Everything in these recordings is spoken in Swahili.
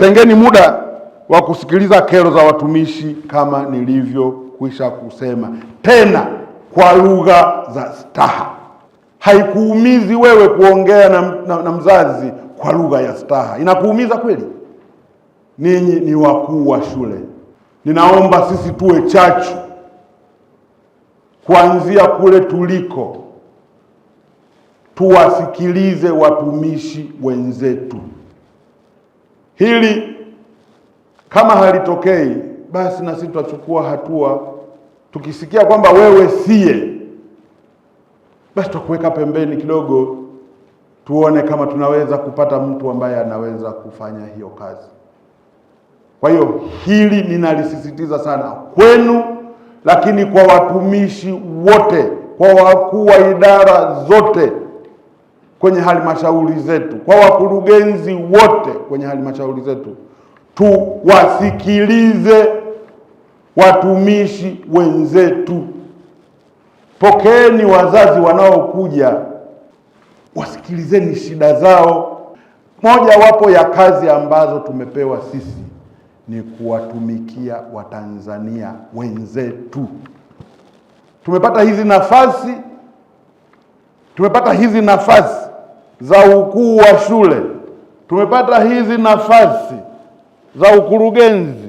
tengeni muda wa kusikiliza kero za watumishi kama nilivyokwisha kusema, tena kwa lugha za staha. Haikuumizi wewe kuongea na, na, na mzazi kwa lugha ya staha, inakuumiza kweli? Ninyi ni wakuu wa shule, ninaomba sisi tuwe chachu kuanzia kule tuliko, tuwasikilize watumishi wenzetu. Hili kama halitokei, basi na sisi tutachukua hatua. Tukisikia kwamba wewe siye, basi tutakuweka pembeni kidogo, tuone kama tunaweza kupata mtu ambaye anaweza kufanya hiyo kazi. Kwa hiyo hili ninalisisitiza sana kwenu, lakini kwa watumishi wote, kwa wakuu wa idara zote kwenye halmashauri zetu, kwa wakurugenzi wote kwenye halmashauri zetu, tuwasikilize watumishi wenzetu. Pokeeni wazazi wanaokuja, wasikilizeni shida zao. Moja wapo ya kazi ambazo tumepewa sisi ni kuwatumikia Watanzania wenzetu. Tumepata hizi nafasi, tumepata hizi nafasi za ukuu wa shule, tumepata hizi nafasi za ukurugenzi,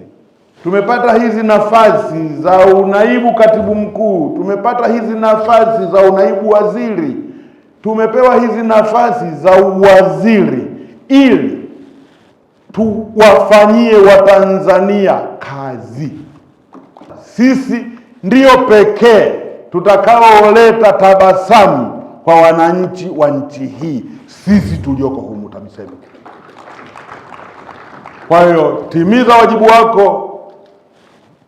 tumepata hizi nafasi za unaibu katibu mkuu, tumepata hizi nafasi za unaibu waziri, tumepewa hizi nafasi za uwaziri ili tuwafanyie Watanzania kazi. Sisi ndiyo pekee tutakaoleta tabasamu kwa wananchi wa nchi hii sisi tulioko humu TAMISEMI. Kwa hiyo timiza wajibu wako,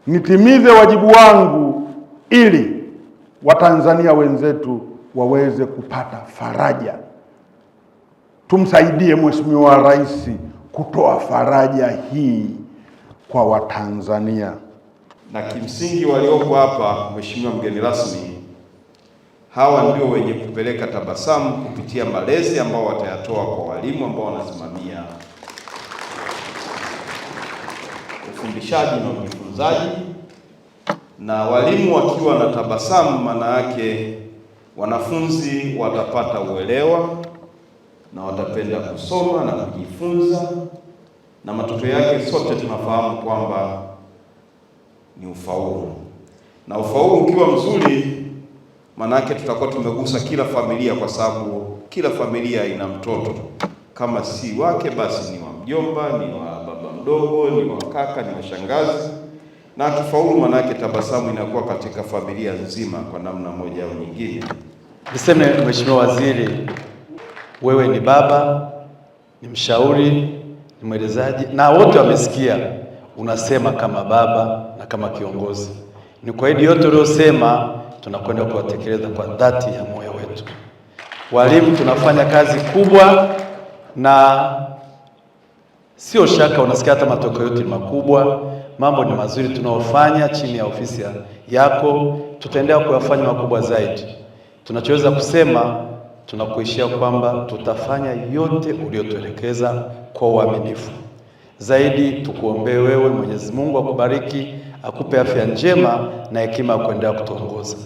nitimize wajibu wangu, ili watanzania wenzetu waweze kupata faraja. Tumsaidie Mheshimiwa Rais kutoa faraja hii kwa Watanzania na kimsingi walioko hapa, Mheshimiwa mgeni rasmi hawa ndio wenye kupeleka tabasamu kupitia malezi ambao watayatoa kwa walimu ambao wanasimamia ufundishaji na ujifunzaji. Na walimu wakiwa na tabasamu, maana yake wanafunzi watapata uelewa na watapenda kusoma na kujifunza, na matokeo yake sote tunafahamu kwamba ni ufaulu, na ufaulu ukiwa mzuri Manake tutakuwa tumegusa kila familia, kwa sababu kila familia ina mtoto, kama si wake basi ni wa mjomba, ni wa baba mdogo, ni wa kaka, ni wa shangazi, na akifaulu, manake tabasamu inakuwa katika familia nzima kwa namna moja au nyingine. Niseme Mheshimiwa Waziri, wewe ni baba, ni mshauri, ni mwelezaji, na wote wamesikia unasema kama baba na kama kiongozi. Ni kwa hiyo yote uliosema tunakwenda kuwatekeleza kwa dhati ya moyo wetu. Walimu tunafanya kazi kubwa, na sio shaka unasikia hata matokeo yote ni makubwa. Mambo ni mazuri tunaofanya chini ya ofisi yako, tutaendelea kuyafanya makubwa zaidi. Tunachoweza kusema tunakuishia kwamba tutafanya yote uliotuelekeza kwa uaminifu zaidi. Tukuombee wewe, Mwenyezi Mungu akubariki, akupe afya njema na hekima ya kuendelea kutuongoza.